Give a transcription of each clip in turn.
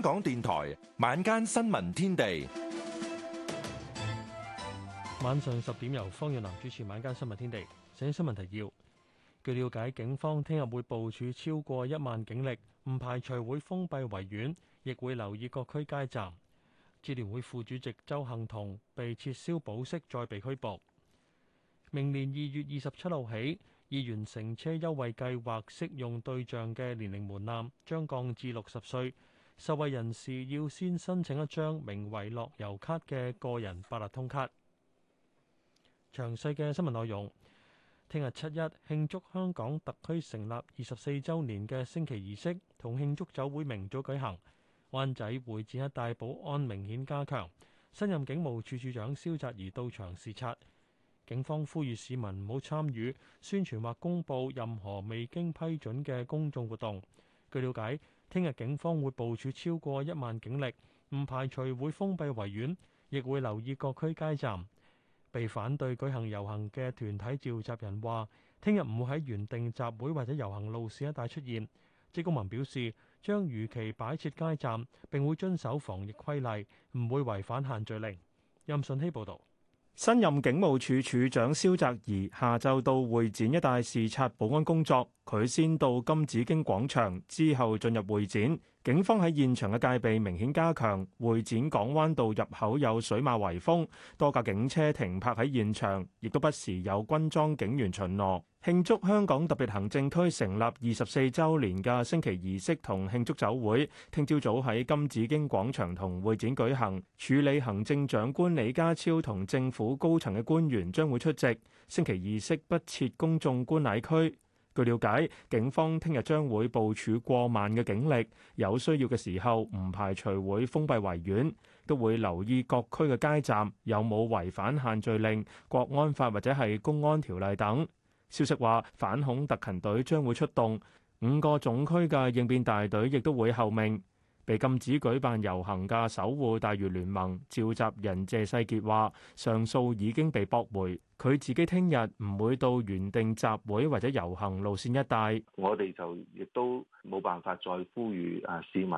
香港電台晚間新聞天地，晚上十點由方耀南主持。晚間新聞天地，先新聞提要。據了解，警方聽日會部署超過一萬警力，唔排除會封閉維園，亦會留意各區街站。支聯會副主席周幸彤被撤銷保釋，再被拘捕。明年二月二十七號起，議員乘車優惠計劃適用對象嘅年齡門檻將降至六十歲。受惠人士要先申請一張名為樂悠卡嘅個人八達通卡。詳細嘅新聞內容，聽日七一慶祝香港特區成立二十四週年嘅升旗儀式同慶祝酒會明早舉行，灣仔會展一帶保安明顯加強，新任警務處處長蕭澤頤到場視察。警方呼籲市民唔好參與宣傳或公佈任何未經批准嘅公眾活動。據了解，聽日警方會部署超過一萬警力，唔排除會封閉圍院，亦會留意各區街站。被反對舉行遊行嘅團體召集人話，聽日唔會喺原定集會或者遊行路線一帶出現。職工盟表示，將如期擺設街站，並會遵守防疫規例，唔會違反限聚令。任信熙報道。新任警務處處長蕭澤頤下晝到會展一帶視察保安工作，佢先到金紫荊廣場，之後進入會展。警方喺現場嘅戒備明顯加強，會展港灣道入口有水馬圍封，多架警車停泊喺現場，亦都不時有軍裝警員巡邏。慶祝香港特別行政區成立二十四週年嘅升旗儀式同慶祝酒會，聽朝早喺金紫荊廣場同會展舉行，署理行政長官李家超同政府高層嘅官員將會出席。升旗儀式不設公眾觀禮區。據了解，警方聽日將會部署過萬嘅警力，有需要嘅時候唔排除會封閉維園，都會留意各區嘅街站有冇違反限聚令、國安法或者係公安條例等。消息話，反恐特勤隊將會出動，五個總區嘅應變大隊亦都會候命。被禁止舉辦遊行嘅守護大嶼聯盟召集人謝世傑話：上訴已經被駁回，佢自己聽日唔會到原定集會或者遊行路線一帶，我哋就亦都冇辦法再呼籲啊市民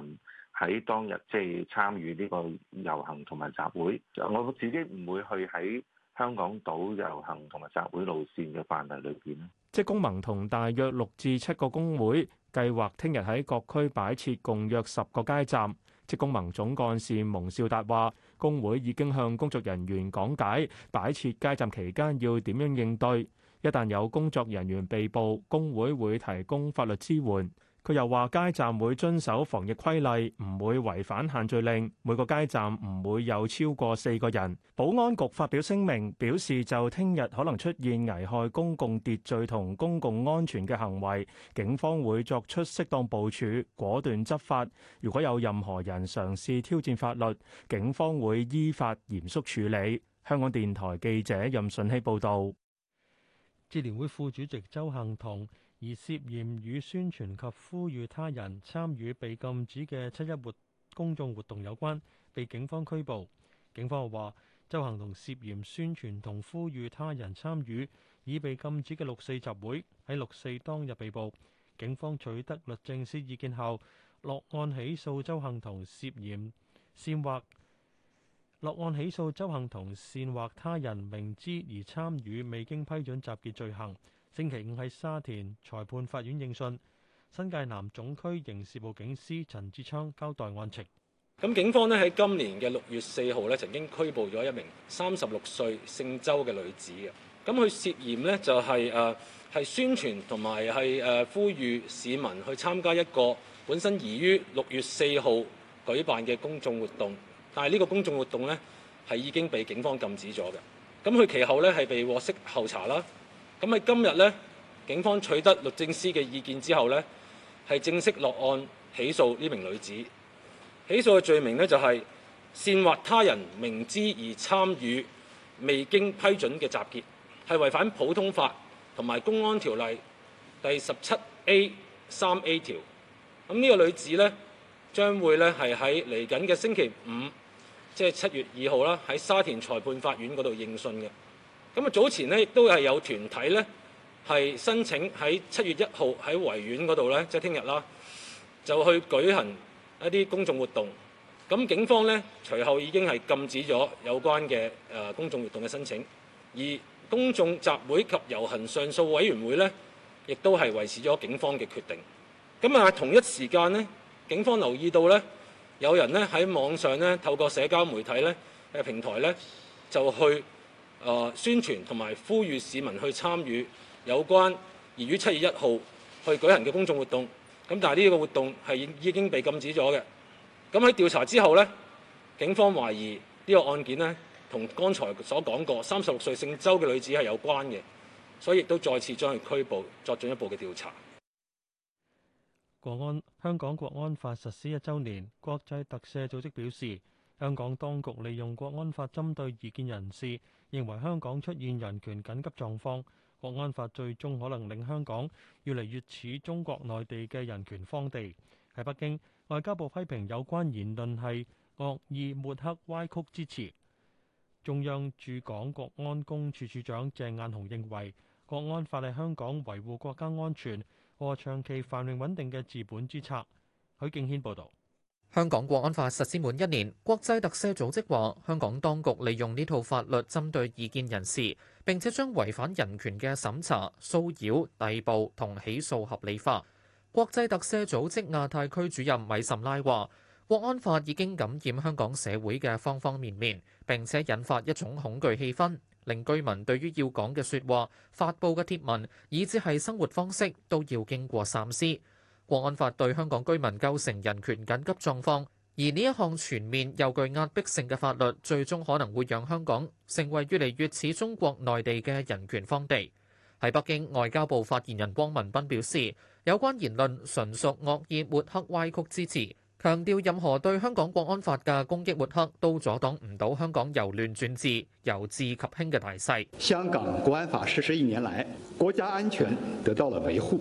喺當日即係、就是、參與呢個遊行同埋集會，我自己唔會去喺香港島遊行同埋集會路線嘅範圍裏邊。職工盟同大約六至七個工會計劃聽日喺各區擺設共約十個街站。職工盟總幹事蒙兆達話：工會已經向工作人員講解擺設街站期間要點樣應對，一旦有工作人員被捕，工會會提供法律支援。佢又話：街站會遵守防疫規例，唔會違反限聚令。每個街站唔會有超過四個人。保安局發表聲明，表示就聽日可能出現危害公共秩序同公共安全嘅行為，警方會作出適當部署，果斷執法。如果有任何人嘗試挑戰法律，警方會依法嚴肅處理。香港電台記者任順希報導。支聯會副主席鄒幸彤。而涉嫌與宣傳及呼籲他人參與被禁止嘅七一活公眾活動有關，被警方拘捕。警方又話，鄒幸彤涉嫌宣傳同呼籲他人參與已被禁止嘅六四集會，喺六四當日被捕。警方取得律政司意見後，落案起訴鄒幸彤涉嫌煽惑，落案起訴鄒幸彤煽惑他人明知而參與未經批准集結罪行。星期五喺沙田裁判法院應訊，新界南總區刑事部警司陳志昌交代案情。咁警方咧喺今年嘅六月四號咧曾經拘捕咗一名三十六歲姓周嘅女子嘅。咁佢涉嫌咧就係誒係宣傳同埋係誒呼籲市民去參加一個本身擬於六月四號舉辦嘅公眾活動，但係呢個公眾活動咧係已經被警方禁止咗嘅。咁佢其後咧係被獲釋候查啦。咁喺今日咧，警方取得律政司嘅意見之後咧，係正式落案起訴呢名女子。起訴嘅罪名咧就係、是、煽惑他人明知而參與未經批准嘅集結，係違反普通法同埋公安條例第十七 A 三 A 條。咁呢個女子咧，將會咧係喺嚟緊嘅星期五，即係七月二號啦，喺沙田裁判法院嗰度應訊嘅。咁啊，早前咧亦都係有團體咧係申請喺七月一號喺維園嗰度咧，即係聽日啦，就去舉行一啲公眾活動。咁警方咧隨後已經係禁止咗有關嘅誒、呃、公眾活動嘅申請，而公眾集會及遊行上訴委員會咧，亦都係維持咗警方嘅決定。咁啊，同一時間呢，警方留意到咧，有人咧喺網上咧透過社交媒體咧誒平台咧就去。誒、呃、宣傳同埋呼籲市民去參與有關而於七月一號去舉行嘅公眾活動，咁但係呢個活動係已經被禁止咗嘅。咁喺調查之後呢，警方懷疑呢個案件呢，同剛才所講過三十六歲姓周嘅女子係有關嘅，所以亦都再次將佢拘捕作進一步嘅調查。國安香港國安法實施一週年，國際特赦組織表示。香港當局利用國安法針對異見人士，認為香港出現人權緊急狀況，國安法最終可能令香港越嚟越似中國內地嘅人權荒地。喺北京，外交部批評有關言論係惡意抹黑、歪曲之詞。中央駐港國安公署署長鄭雁雄認為，國安法係香港維護國家安全和長期繁榮穩定嘅治本之策。許敬軒報導。香港《國安法》實施滿一年，國際特赦組織話香港當局利用呢套法律針對異見人士，並且將違反人權嘅審查、騷擾、逮捕同起訴合理化。國際特赦組織亞太區主任米什拉話：《國安法》已經感染香港社會嘅方方面面，並且引發一種恐懼氣氛，令居民對於要講嘅說話、發布嘅帖文，以至係生活方式，都要經過三思。《國安法》對香港居民構成人權緊急狀況，而呢一項全面又具壓迫性嘅法律，最終可能會讓香港成為越嚟越似中國內地嘅人權荒地。喺北京，外交部發言人汪文斌表示，有關言論純屬惡意抹黑、歪曲之詞，強調任何對香港《國安法》嘅攻擊抹黑都阻擋唔到香港由亂轉治、由治及興嘅大勢。香港《國安法》實施一年來，國家安全得到了維護。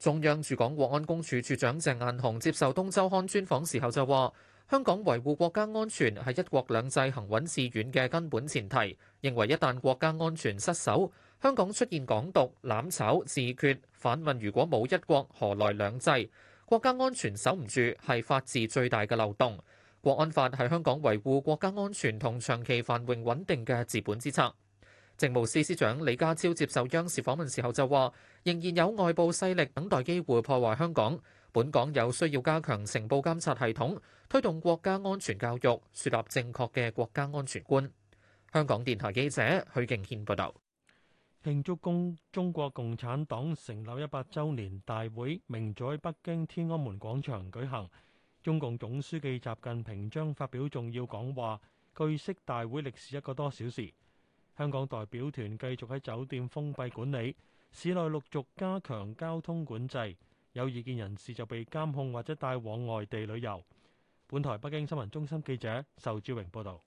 中央駐港國安公署署長鄭雁雄接受《東周刊》專訪時候就話：香港維護國家安全係一國兩制行穩致遠嘅根本前提，認為一旦國家安全失守，香港出現港獨、攬炒、自決。反問如果冇一國，何來兩制？國家安全守唔住係法治最大嘅漏洞。國安法係香港維護國家安全同長期繁榮穩定嘅治本之策。政務司司長李家超接受央視訪問時候就話，仍然有外部勢力等待機會破壞香港，本港有需要加強情報監察系統，推動國家安全教育，樹立正確嘅國家安全觀。香港電台記者許敬軒報道。慶祝共中國共產黨成立一百周年大會明早喺北京天安門廣場舉行，中共總書記習近平將發表重要講話。據悉，大會歷時一個多小時。香港代表團繼續喺酒店封閉管理，市內陸續加強交通管制，有異見人士就被監控或者帶往外地旅遊。本台北京新聞中心記者仇志榮報道。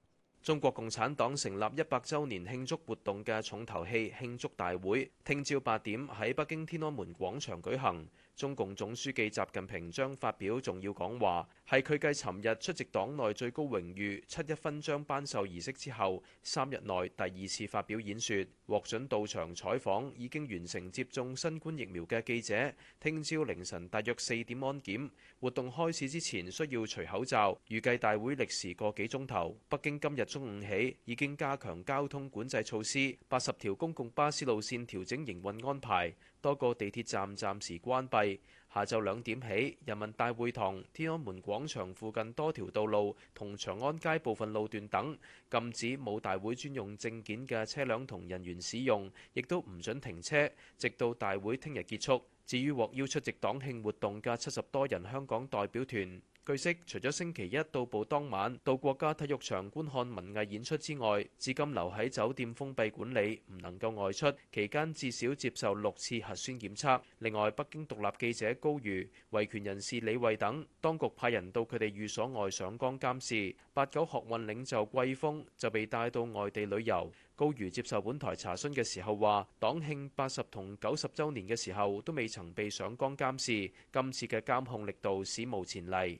中國共產黨成立一百周年慶祝活動嘅重頭戲慶祝大會，聽朝八點喺北京天安門廣場舉行。中共總書記習近平將發表重要講話，係佢繼尋日出席黨內最高榮譽七一勳章頒授儀式之後，三日內第二次發表演說。獲准到場採訪已經完成接種新冠疫苗嘅記者，聽朝凌晨大約四點安檢，活動開始之前需要除口罩。預計大會歷時個幾鐘頭。北京今日中午起已經加強交通管制措施，八十條公共巴士路線調整營運安排。多個地鐵站暫時關閉，下晝兩點起，人民大會堂、天安門廣場附近多條道路同長安街部分路段等禁止冇大會專用證件嘅車輛同人員使用，亦都唔准停車，直到大會聽日結束。至於獲邀出席黨慶活動嘅七十多人香港代表團。據悉，除咗星期一到埗當晚到國家體育場觀看文藝演出之外，至今留喺酒店封閉管理，唔能夠外出。期間至少接受六次核酸檢測。另外，北京獨立記者高瑜、維權人士李慧等，當局派人到佢哋寓所外上崗監視。八九學運領袖季峰就被帶到外地旅遊。高瑜接受本台查詢嘅時候話：黨慶八十同九十週年嘅時候都未曾被上崗監視，今次嘅監控力度史無前例。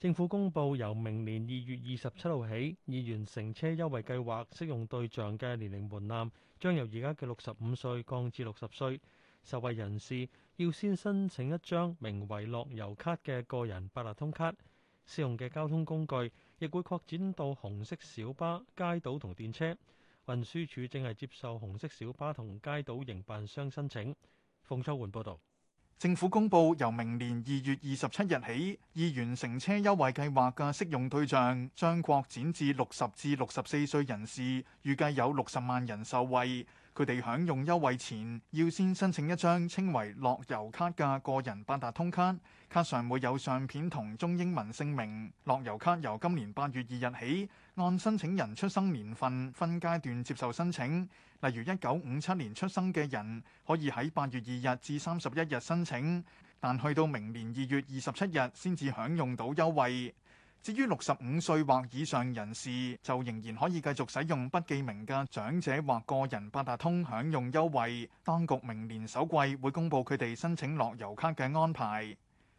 政府公布，由明年二月二十七號起，二元乘車優惠計劃適用對象嘅年齡門檻將由而家嘅六十五歲降至六十歲。受惠人士要先申請一張名為樂遊卡嘅個人八達通卡，適用嘅交通工具亦會擴展到紅色小巴、街渡同電車。運輸署正係接受紅色小巴同街渡營辦商申請。馮秋煥報道。政府公布，由明年二月二十七日起，二元乘車優惠計劃嘅適用對象將擴展至六十至六十四歲人士，預計有六十萬人受惠。佢哋享用優惠前，要先申請一張稱為樂遊卡嘅個人八達通卡，卡上會有相片同中英文姓名。樂遊卡由今年八月二日起，按申請人出生年份分階段接受申請，例如一九五七年出生嘅人可以喺八月二日至三十一日申請，但去到明年二月二十七日先至享用到優惠。至於六十五歲或以上人士，就仍然可以繼續使用不記名嘅長者或個人八達通享用優惠。當局明年首季會公布佢哋申請樂悠卡嘅安排。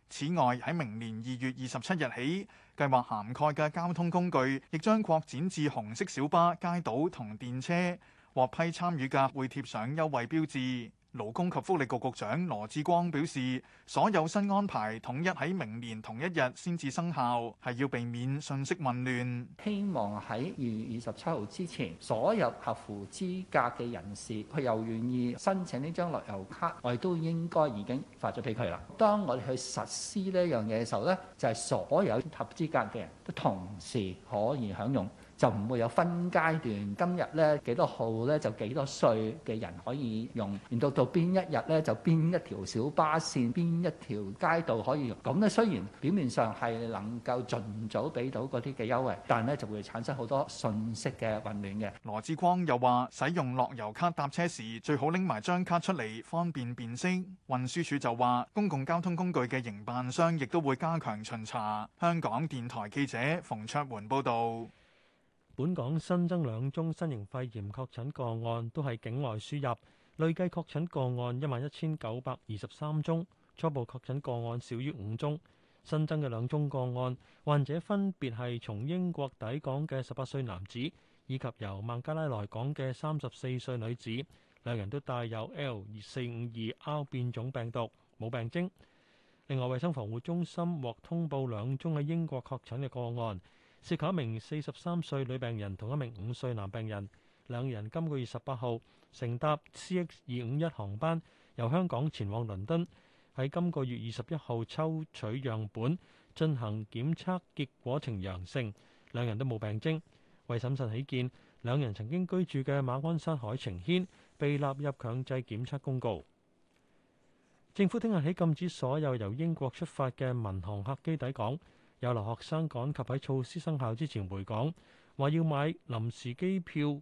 此外，喺明年二月二十七日起，計劃涵蓋嘅交通工具亦將擴展至紅色小巴、街渡同電車。獲批參與嘅會貼上優惠標誌。勞工及福利局局長羅志光表示，所有新安排統一喺明年同一日先至生效，係要避免信息混亂。希望喺二月二十七號之前，所有合乎資格嘅人士佢又願意申請呢張旅遊卡，我哋都應該已經發咗俾佢啦。當我哋去實施呢樣嘢嘅時候咧，就係、是、所有合乎資格嘅人都同時可以享用。就唔會有分階段，今日咧幾多號咧就幾多歲嘅人可以用，然到到邊一日咧就邊一條小巴線、邊一條街道可以用。咁咧雖然表面上係能夠盡早俾到嗰啲嘅優惠，但咧就會產生好多信息嘅混亂嘅。羅志光又話：使用樂悠卡搭車時，最好拎埋張卡出嚟，方便辨識。運輸署就話，公共交通工具嘅營辦商亦都會加強巡查。香港電台記者馮卓桓報導。本港新增兩宗新型肺炎確診個案，都係境外輸入，累計確診個案一萬一千九百二十三宗，初步確診個案少於五宗。新增嘅兩宗個案，患者分別係從英國抵港嘅十八歲男子，以及由孟加拉來港嘅三十四歲女子，兩人都帶有 L 四五二 R 變種病毒，冇病徵。另外，衞生防護中心獲通報兩宗喺英國確診嘅個案。涉及一名四十三歲女病人同一名五歲男病人，兩人今個月十八號乘搭 CX 二五一航班由香港前往倫敦，喺今個月二十一號抽取樣本進行檢測，結果呈陽性，兩人都冇病徵。為審慎起見，兩人曾經居住嘅馬鞍山海晴軒被納入強制檢測公告。政府聽日起禁止所有由英國出發嘅民航客機抵港。有留學生趕及喺措施生效之前回港，話要買臨時機票，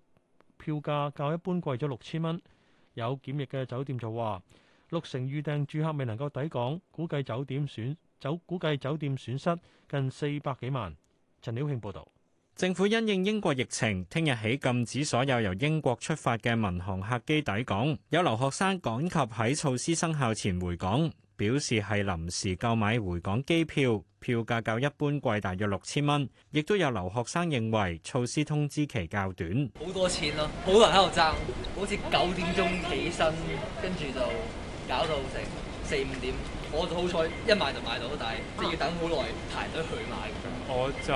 票價較一般貴咗六千蚊。有檢疫嘅酒店就話，六成預訂住客未能夠抵港，估計酒店損估計酒店損失近四百幾萬。陳曉慶報導，政府因應英國疫情，聽日起禁止所有由英國出發嘅民航客機抵港。有留學生趕及喺措施生效前回港。表示係臨時購買回港機票，票價較一般貴大約六千蚊。亦都有留學生認為措施通知期較短，好多錢咯、啊，好多人喺度爭，好似九點鐘起身，跟住就搞到成四五點。我就好彩一買就買到，但係即係要等好耐，排隊去買。我就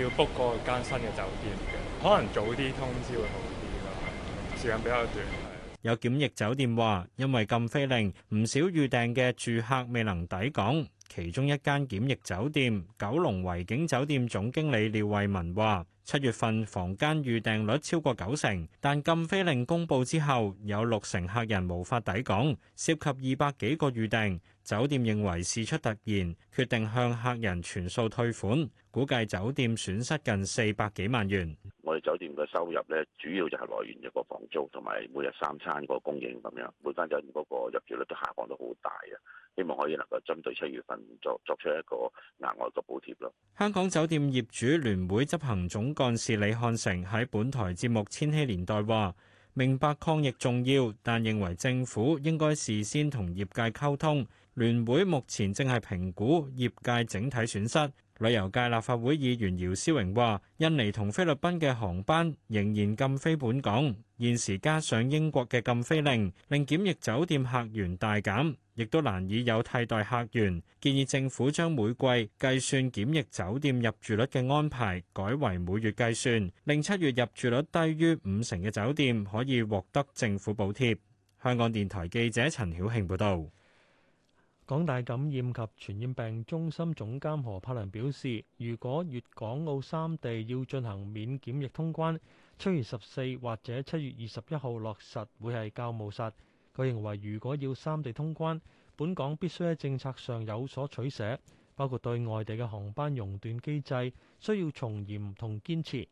要 book 個間新嘅酒店嘅，可能早啲通知會好啲咯。時間比較短。有檢疫酒店話，因為禁飛令，唔少預訂嘅住客未能抵港。其中一間檢疫酒店——九龍維景酒店總經理廖慧文話：七月份房間預訂率超過九成，但禁飛令公布之後，有六成客人無法抵港，涉及二百幾個預訂。酒店認為事出突然，決定向客人全數退款，估計酒店損失近四百幾萬元。我哋酒店嘅收入咧，主要就係來源一個房租同埋每日三餐個供應咁樣。每間酒店嗰個入住率都下降得好大啊！希望可以能夠針對七月份作作出一個額外嘅補貼咯。香港酒店業主聯會執行總幹事李漢成喺本台節目《千禧年代》話：明白抗疫重要，但認為政府應該事先同業界溝通。聯會目前正係評估業界整體損失。旅遊界立法會議員姚思榮話，印尼同菲律賓嘅航班仍然禁飛本港，現時加上英國嘅禁飛令，令檢疫酒店客源大減，亦都難以有替代客源。建議政府將每季計算檢疫酒店入住率嘅安排改為每月計算，令七月入住率低於五成嘅酒店可以獲得政府補貼。香港電台記者陳曉慶報導。港大感染及傳染病中心總監何柏良表示，如果粵港澳三地要進行免檢疫通關，七月十四或者七月二十一號落實會係較務實。佢認為，如果要三地通關，本港必須喺政策上有所取捨，包括對外地嘅航班熔斷機制，需要從嚴同堅持。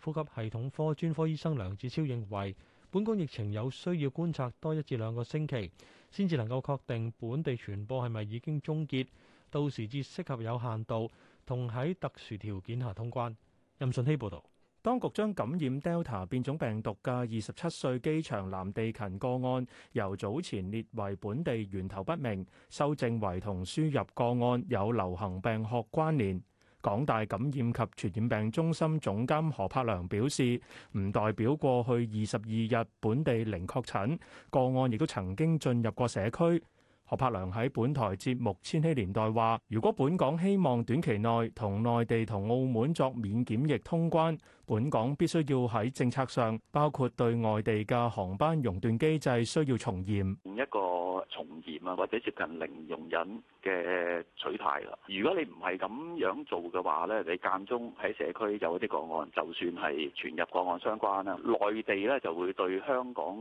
呼吸系統科專科醫生梁志超認為。本港疫情有需要觀察多一至兩個星期，先至能夠確定本地傳播係咪已經終結。到時至適合有限度同喺特殊條件下通關。任順熙報導，當局將感染 Delta 變種病毒嘅二十七歲機場藍地勤個案由早前列為本地源頭不明，修正為同輸入個案有流行病學關聯。港大感染及傳染病中心總監何柏良表示，唔代表過去二十二日本地零確診個案，亦都曾經進入過社區。何柏良喺本台節目《千禧年代》話，如果本港希望短期內同內地同澳門作免檢疫通關，本港必須要喺政策上，包括對外地嘅航班熔斷機制需要從嚴。一個從嚴啊，或者接近零容忍嘅取態啦。如果你唔係咁樣做嘅話呢，你間中喺社區有啲個案，就算係傳入個案相關啦，內地呢就會對香港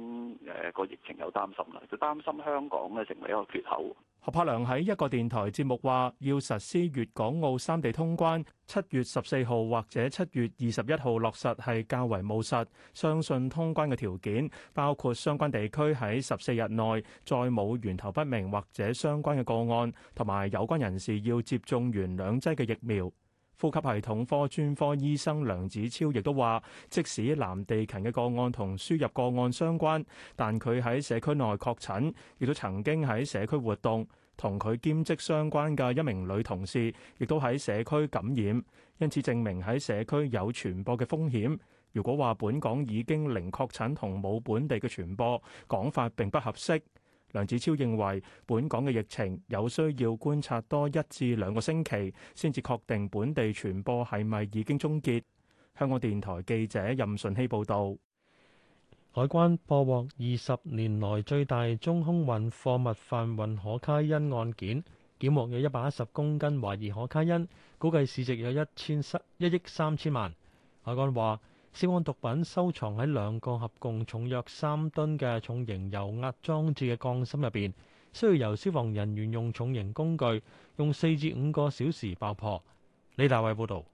誒個疫情有擔心啦，就擔心香港咧成為一個缺口。何柏良喺一個電台節目話，要實施粵港澳三地通關，七月十四號或者七月二十一號落實係較為務實。相信通關嘅條件包括相關地區喺十四日內再冇源頭不明或者相關嘅個案，同埋有關人士要接種完兩劑嘅疫苗。呼吸系統科專科醫生梁子超亦都話，即使藍地勤嘅個案同輸入個案相關，但佢喺社區內確診，亦都曾經喺社區活動，同佢兼職相關嘅一名女同事亦都喺社區感染，因此證明喺社區有傳播嘅風險。如果話本港已經零確診同冇本地嘅傳播，講法並不合適。梁子超認為，本港嘅疫情有需要觀察多一至兩個星期，先至確定本地傳播係咪已經終結。香港電台記者任順希報導。海關破獲二十年來最大中空運貨物販運可卡因案件，檢獲有一百一十公斤懷疑可卡因，估計市值有一千一億三千萬。海關話，涉案毒品收藏喺兩個合共重約三噸嘅重型油壓裝置嘅鋼芯入邊，需要由消防人員用重型工具用四至五個小時爆破。李大衛報道。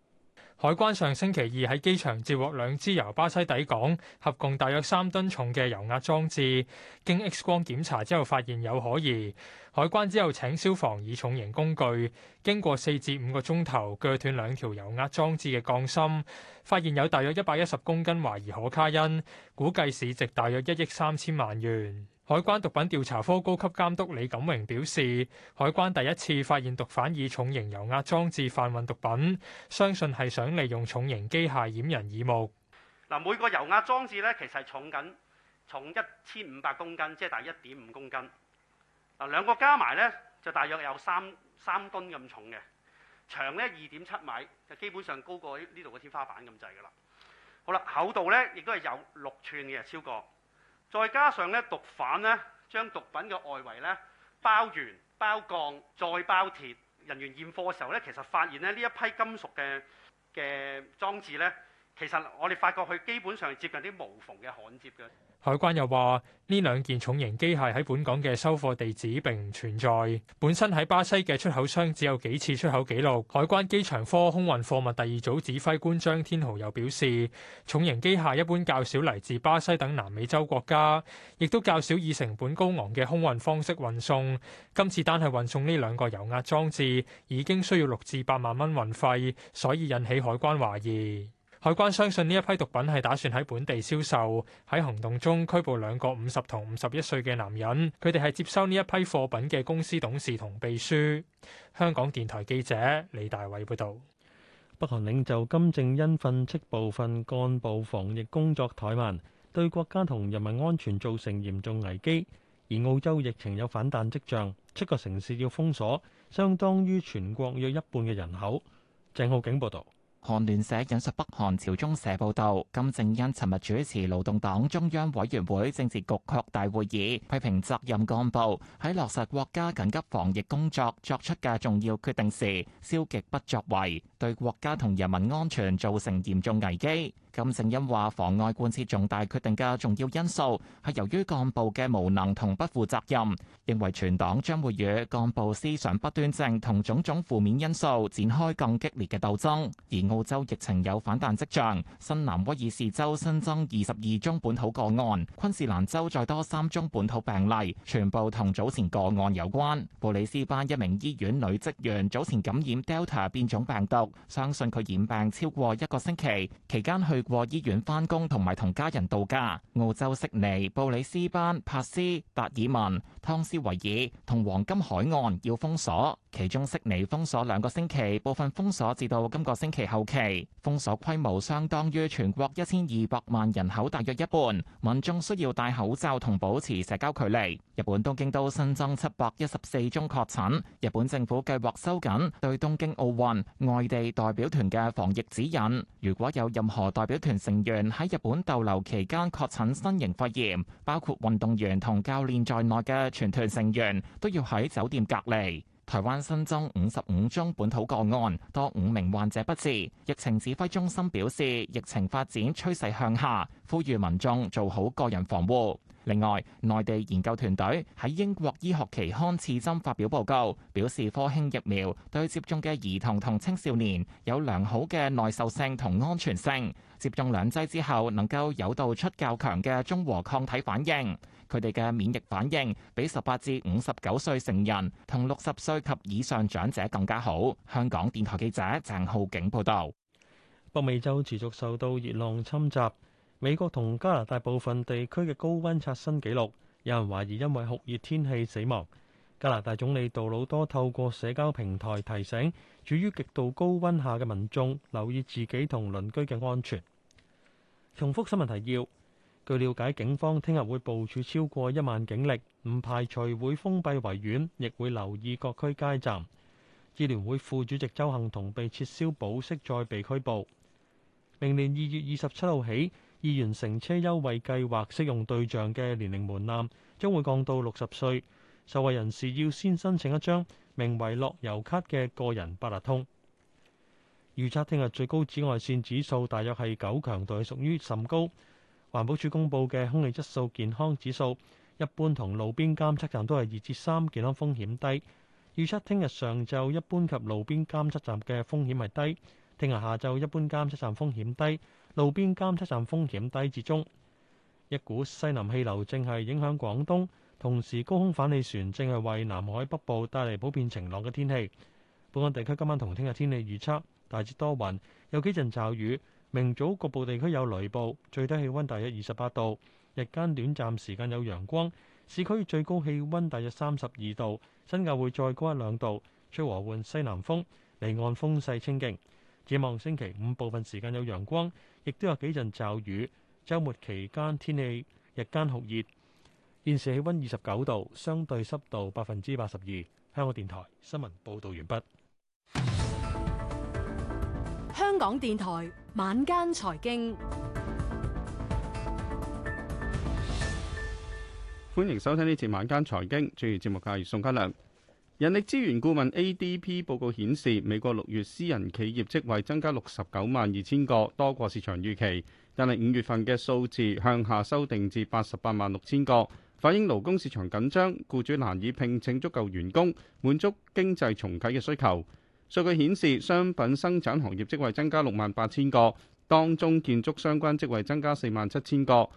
海關上星期二喺機場接獲兩支由巴西抵港，合共大約三噸重嘅油壓裝置，經 X 光檢查之後發現有可疑。海關之後請消防以重型工具經過四至五個鐘頭鋸斷兩條油壓裝置嘅鋼芯，發現有大約一百一十公斤懷疑可卡因，估計市值大約一億三千萬元。海關毒品調查科高級監督李錦榮表示，海關第一次發現毒販以重型油壓裝置販運毒品，相信係想利用重型機械掩人耳目。嗱，每個油壓裝置咧，其實係重緊重一千五百公斤，即係大一點五公斤。啊，兩個加埋咧，就大約有三三噸咁重嘅，長咧二點七米，就基本上高過呢度嘅天花板咁滯噶啦。好啦，厚度咧亦都係有六吋嘅，超過。再加上咧，毒販咧將毒品嘅外圍咧包鉛、包鋼、再包鐵。人員驗貨嘅時候咧，其實發現咧呢一批金屬嘅嘅裝置咧，其實我哋發覺佢基本上接近啲無縫嘅焊接嘅。海關又話：呢兩件重型機械喺本港嘅收貨地址並唔存在。本身喺巴西嘅出口商只有幾次出口記錄。海關機場科空運貨物第二組指揮官張天豪又表示：重型機械一般較少嚟自巴西等南美洲國家，亦都較少以成本高昂嘅空運方式運送。今次單係運送呢兩個油壓裝置，已經需要六至八萬蚊運費，所以引起海關懷疑。海關相信呢一批毒品係打算喺本地銷售。喺行動中拘捕兩個五十同五十一歲嘅男人，佢哋係接收呢一批貨品嘅公司董事同秘書。香港電台記者李大偉報導。北韓領袖金正恩訓斥部分幹部防疫工作怠慢，對國家同人民安全造成嚴重危機。而澳洲疫情有反彈跡象，七個城市要封鎖，相當於全國約一半嘅人口。鄭浩景報道。韓聯社引述北韓朝中社報導，金正恩尋日主持勞動黨中央委員會政治局擴大會議，批評責任幹部喺落實國家緊急防疫工作作出嘅重要決定時，消極不作為。對國家同人民安全造成嚴重危機。金正恩話，妨礙貫徹重大決定嘅重要因素係由於幹部嘅無能同不負責任，認為全黨將會與幹部思想不端正同種種負面因素展開更激烈嘅鬥爭。而澳洲疫情有反彈跡象，新南威爾士州新增二十二宗本土個案，昆士蘭州再多三宗本土病例，全部同早前個案有關。布里斯班一名醫院女職員早前感染 Delta 變種病毒。相信佢染病超過一個星期，期間去過醫院、返工同埋同家人度假。澳洲悉尼、布里斯班、帕斯、達爾文、湯斯維爾同黃金海岸要封鎖，其中悉尼封鎖兩個星期，部分封鎖至到今個星期後期。封鎖規模相當於全國一千二百萬人口大約一半，民眾需要戴口罩同保持社交距離。日本東京都新增七百一十四宗確診，日本政府計劃收緊對東京奧運外地代表團嘅防疫指引。如果有任何代表團成員喺日本逗留期間確診新型肺炎，包括運動員同教練在內嘅。全團成員都要喺酒店隔離。台灣新增五十五宗本土個案，多五名患者不治。疫情指揮中心表示，疫情發展趨勢向下，呼籲民眾做好個人防護。另外，內地研究團隊喺英國醫學期刊《刺針》發表報告，表示科興疫苗對接種嘅兒童同青少年有良好嘅耐受性同安全性，接種兩劑之後能夠有導出較強嘅中和抗體反應。佢哋嘅免疫反應比十八至五十九歲成人同六十歲及以上長者更加好。香港電台記者鄭浩景報道。北美洲持續受到熱浪侵襲，美國同加拿大部分地區嘅高溫刷新紀錄，有人懷疑因為酷熱天氣死亡。加拿大總理杜魯多透過社交平台提醒，處於極度高溫下嘅民眾留意自己同鄰居嘅安全。重複新聞提要。據了解，警方聽日會部署超過一萬警力，唔排除會封閉維園，亦會留意各區街站。支聯會副主席周幸彤被撤銷保釋，再被拘捕。明年二月二十七號起，議員乘車優惠計劃適用對象嘅年齡門檻將會降到六十歲，受惠人士要先申請一張名為樂悠咭嘅個人八達通。預測聽日最高紫外線指數大約係九強度，屬於甚高。環保署公布嘅空氣質素健康指數，一般同路邊監測站都係二至三，健康風險低。預測聽日上晝一般及路邊監測站嘅風險係低，聽日下晝一般監測站風險低，路邊監測站風險低至中。一股西南氣流正係影響廣東，同時高空反氣旋正係為南海北部帶嚟普遍晴朗嘅天氣。本港地區今晚同聽日天氣預測，大致多雲，有幾陣驟雨。明早局部地區有雷暴，最低氣溫大約二十八度，日間短暫時間有陽光，市區最高氣溫大約三十二度，新界會再高一兩度，吹和緩西南風，離岸風勢清勁。展望星期五部分時間有陽光，亦都有幾陣驟雨，周末期間天氣日間酷熱。現時氣溫二十九度，相對濕度百分之八十二。香港電台新聞報道完畢。香港電台晚間財經，歡迎收聽呢次晚間財經。主持節目嘅係宋嘉良。人力資源顧問 ADP 報告顯示，美國六月私人企業職位增加六十九萬二千個，多過市場預期。但係五月份嘅數字向下修訂至八十八萬六千個，反映勞工市場緊張，僱主難以聘請足夠員工，滿足經濟重啟嘅需求。數據顯示，商品生產行業職位增加六萬八千個，當中建築相關職位增加四萬七千個；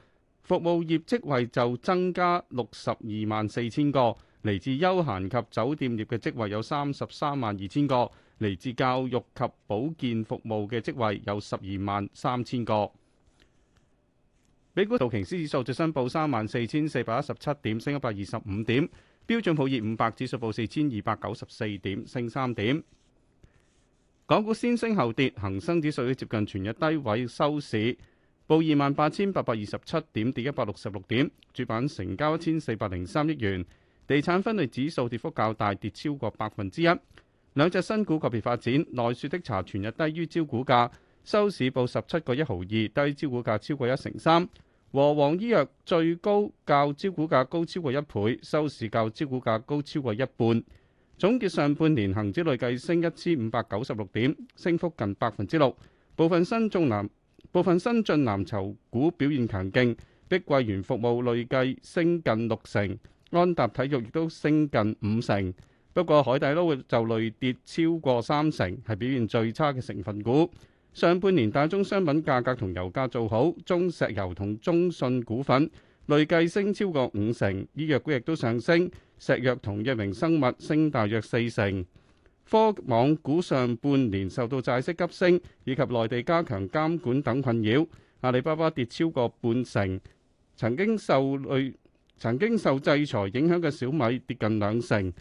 服務業職位就增加六十二萬四千個。嚟自休閒及酒店業嘅職位有三十三萬二千個，嚟自教育及保健服務嘅職位有十二萬三千個。美股道瓊斯指數最新報三萬四千四百一十七點，升一百二十五點；標準普爾五百指數報四千二百九十四點，升三點。港股先升後跌，恒生指數接近全日低位收市，報二萬八千八百二十七點，跌一百六十六點，主板成交一千四百零三億元。地產分類指數跌幅較大，跌超過百分之一。兩隻新股個別發展，奈雪的茶全日低於招股價，收市報十七個一毫二，低於招股價超過一成三。和黃醫藥最高較招股價高超過一倍，收市較招股價高超過一半。總結上半年恒指累計升一千五百九十六點，升幅近百分之六。部分新中南，部分新進藍籌股表現強勁，碧桂園服務累計升近六成，安踏體育亦都升近五成。不過，海底撈就累跌超過三成，係表現最差嘅成分股。上半年大宗商品價格同油價做好，中石油同中信股份累計升超過五成，醫藥股亦都上升。石藥同藥明生物升大約四成。科網股上半年受到債息急升以及內地加強監管等困擾，阿里巴巴跌超過半成。曾經受累、曾經受制裁影響嘅小米跌近兩成。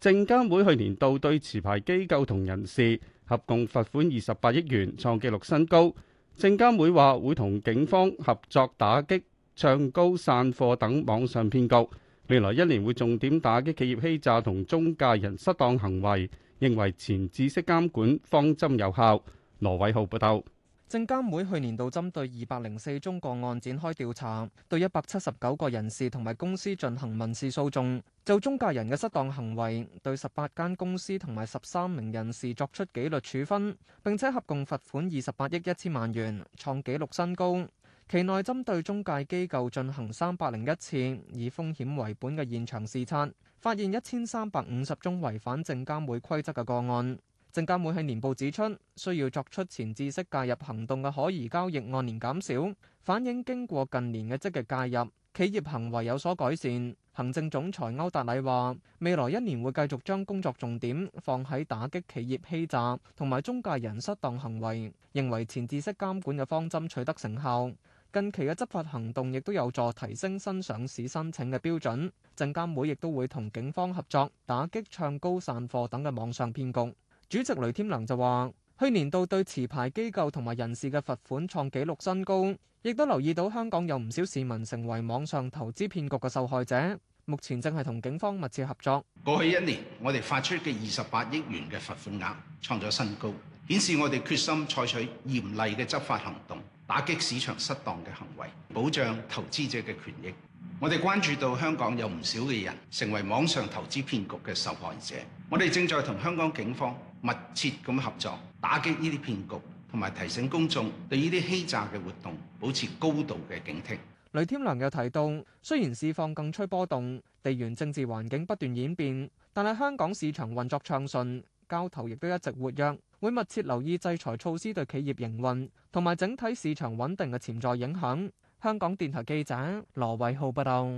證監會去年度對持牌機構同人士合共罰款二十八億元，創紀錄新高。證監會話會同警方合作打擊唱高散貨等網上騙局。未來一年會重點打擊企業欺詐同中介人失當行為，認為前置式監管方針有效。羅偉浩報道，證監會去年度針對二百零四宗個案展開調查，對一百七十九個人士同埋公司進行民事訴訟，就中介人嘅失當行為，對十八間公司同埋十三名人士作出紀律處分，並且合共罰款二十八億一千萬元，創紀錄新高。期內針對中介機構進行三百零一次以風險為本嘅現場視察，發現一千三百五十宗違反證監會規則嘅個案。證監會喺年報指出，需要作出前置式介入行動嘅可疑交易按年減少，反映經過近年嘅積極介入，企業行為有所改善。行政總裁歐達禮話，未來一年會繼續將工作重點放喺打擊企業欺詐同埋中介人失當行為，認為前置式監管嘅方針取得成效。近期嘅執法行動亦都有助提升新上市申請嘅標準，證監會亦都會同警方合作，打擊唱高散貨等嘅網上騙局。主席雷添良就話，去年度對持牌機構同埋人士嘅罰款創紀錄新高，亦都留意到香港有唔少市民成為網上投資騙局嘅受害者。目前正係同警方密切合作。過去一年，我哋發出嘅二十八億元嘅罰款額創咗新高，顯示我哋決心採取嚴厲嘅執法行動。打擊市場失當嘅行為，保障投資者嘅權益。我哋關注到香港有唔少嘅人成為網上投資騙局嘅受害者。我哋正在同香港警方密切咁合作，打擊呢啲騙局，同埋提醒公眾對呢啲欺詐嘅活動保持高度嘅警惕。雷添良又提到，雖然市況更趨波動，地緣政治環境不斷演變，但係香港市場運作暢順，交投亦都一直活躍。會密切留意制裁措施對企業營運同埋整體市場穩定嘅潛在影響。香港電台記者羅偉浩報道。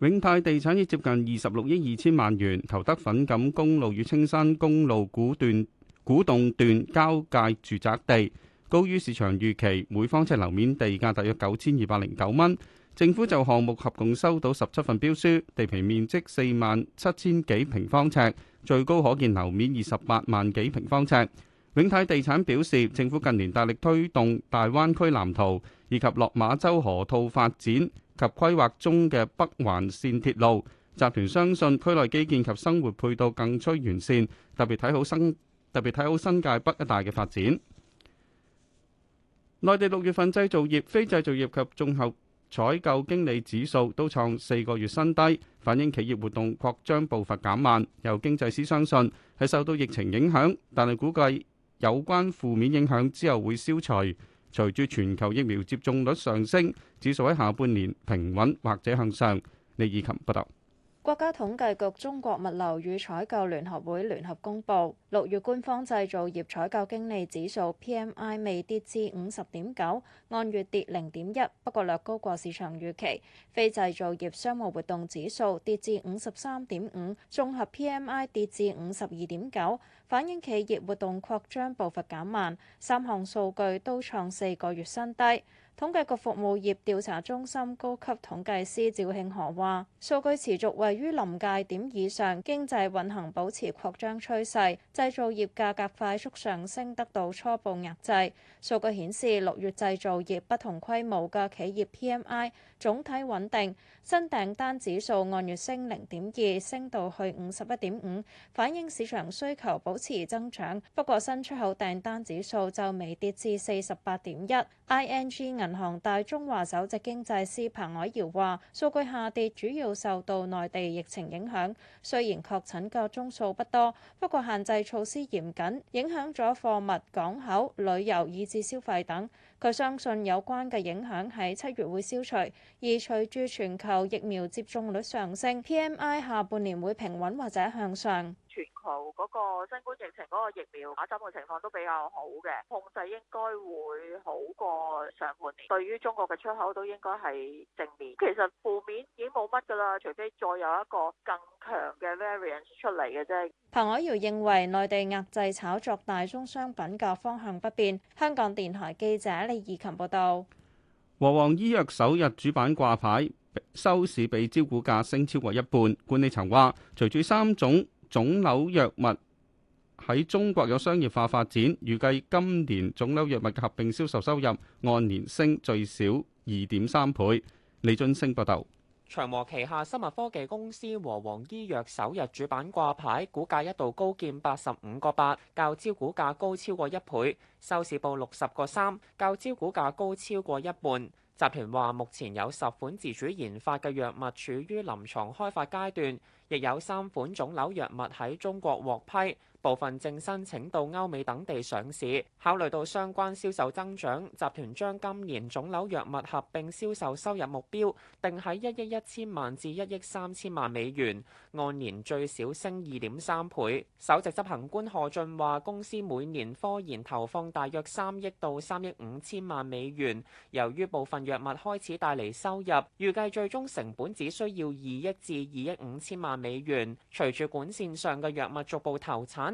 永泰地產以接近二十六億二千萬元投得粉錦公路與青山公路古段古洞段交界住宅地，高於市場預期，每方尺樓面地價大約九千二百零九蚊。政府就項目合共收到十七份標書，地皮面積四萬七千幾平方尺，最高可見樓面二十八萬幾平方尺。永泰地產表示，政府近年大力推動大灣區藍圖，以及落馬洲河套發展及規劃中嘅北環線鐵路。集團相信區內基建及生活配套更趨完善，特別睇好新特別睇好新界北一帶嘅發展。內地六月份製造業、非製造業及綜合採購經理指數都創四個月新低，反映企業活動擴張步伐減慢。有經濟師相信，係受到疫情影響，但係估計有關負面影響之後會消除。隨住全球疫苗接種率上升，指數喺下半年平穩或者向上。李以琴報道。國家統計局、中國物流與採購聯合會聯合公佈，六月官方製造業採購經理指數 PMI 未跌至五十點九，按月跌零點一，不過略高過市場預期。非製造業商務活動指數跌至五十三點五，綜合 PMI 跌至五十二點九，反映企業活動擴張步伐減慢。三項數據都創四個月新低。統計局服務業調查中心高級統計師趙慶河話，數據持續位於臨界點以上，經濟運行保持擴張趨勢。製造業價格快速上升得到初步壓制。數據顯示，六月製造業不同規模嘅企業 PMI 總體穩定，新訂單指數按月升0.2，升到去51.5，反映市場需求保持增長。不過新出口訂單指數就微跌至 48.1，ING 銀行大中華首席經濟師彭凱堯話，數據下跌主要受到內地疫情影響，雖然確診嘅宗數不多，不過限制措施嚴謹，影響咗貨物、港口、旅遊以至消費等。佢相信有關嘅影響喺七月會消除，而隨住全球疫苗接種率上升，PMI 下半年會平穩或者向上。全球嗰個新冠疫情嗰個疫苗打針嘅情況都比較好嘅，控制應該會好過上半年。對於中國嘅出口都應該係正面。其實負面已經冇乜噶啦，除非再有一個更強嘅 variant 出嚟嘅啫。彭海瑤認為，內地壓制炒作大宗商品價方向不變。香港電台記者李怡琴報道，和王醫藥首日主板掛牌收市，比招股價升超過一半。管理層話，隨住三種。腫瘤藥物喺中國有商業化發展，預計今年腫瘤藥物嘅合併銷售收入按年升最少二點三倍。李津升報道，長和旗下生物科技公司和黃醫藥首日主板掛牌，股價一度高見八十五個八，較招股價高超過一倍，收市報六十個三，較招股價高超過一半。集團話，目前有十款自主研發嘅藥物處於臨床開發階段，亦有三款腫瘤藥物喺中國獲批。部分正申請到歐美等地上市。考慮到相關銷售增長，集團將今年腫瘤藥物合併銷售收入目標定喺一億一千萬至一億三千萬美元，按年最少升二點三倍。首席執行官何俊話：公司每年科研投放大約三億到三億五千萬美元。由於部分藥物開始帶嚟收入，預計最終成本只需要二億至二億五千萬美元。隨住管線上嘅藥物逐步投產。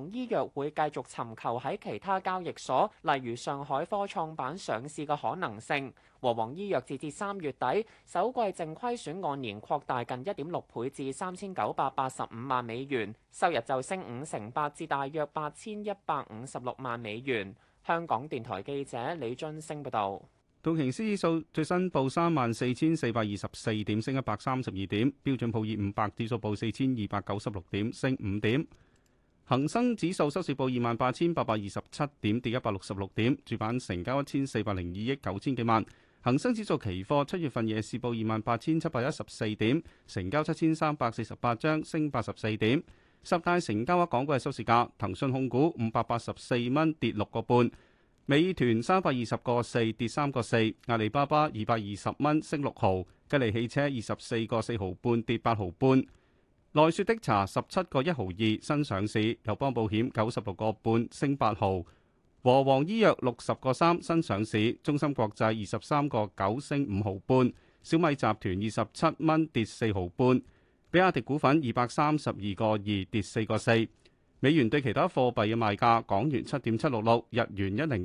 黃醫藥會繼續尋求喺其他交易所，例如上海科創板上市嘅可能性。和黃醫藥截至三月底，首季淨虧損按年擴大近一點六倍至三千九百八十五萬美元，收入就升五成八至大約八千一百五十六萬美元。香港電台記者李津升報道。道瓊斯指數最新報三萬四千四百二十四點，升一百三十二點。標準普爾五百指數報四千二百九十六點，升五點。恒生指數收市報二萬八千八百二十七點，跌一百六十六點。主板成交一千四百零二億九千幾萬。恒生指數期貨七月份夜市報二萬八千七百一十四點，成交七千三百四十八張，升八十四點。十大成交額港股嘅收市價：騰訊控股五百八十四蚊，跌六個半；美團三百二十個四，跌三個四；阿里巴巴二百二十蚊，升六毫；吉利汽車二十四個四毫半，跌八毫半。奈雪的茶十七個一毫二新上市，友邦保險九十六個半升八毫，和黃醫藥六十個三新上市，中芯國際二十三個九升五毫半，小米集團二十七蚊跌四毫半，比亞迪股份二百三十二個二跌四個四，美元對其他貨幣嘅賣價，港元七點七六六，日元一零，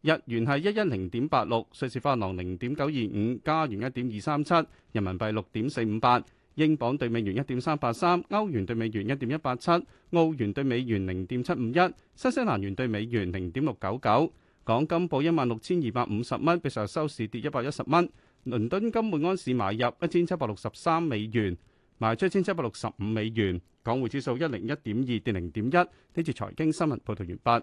日元係一一零點八六，瑞士法郎零點九二五，加元一點二三七，人民幣六點四五八。英鎊兌美元一點三八三，歐元兌美元一點一八七，澳元兌美元零點七五一，新西蘭元兌美元零點六九九。港金報一萬六千二百五十蚊，比上日收市跌一百一十蚊。倫敦金每安士買入一千七百六十三美元，賣出一千七百六十五美元。港匯指數一零一點二，跌零點一。呢次財經新聞報道完畢。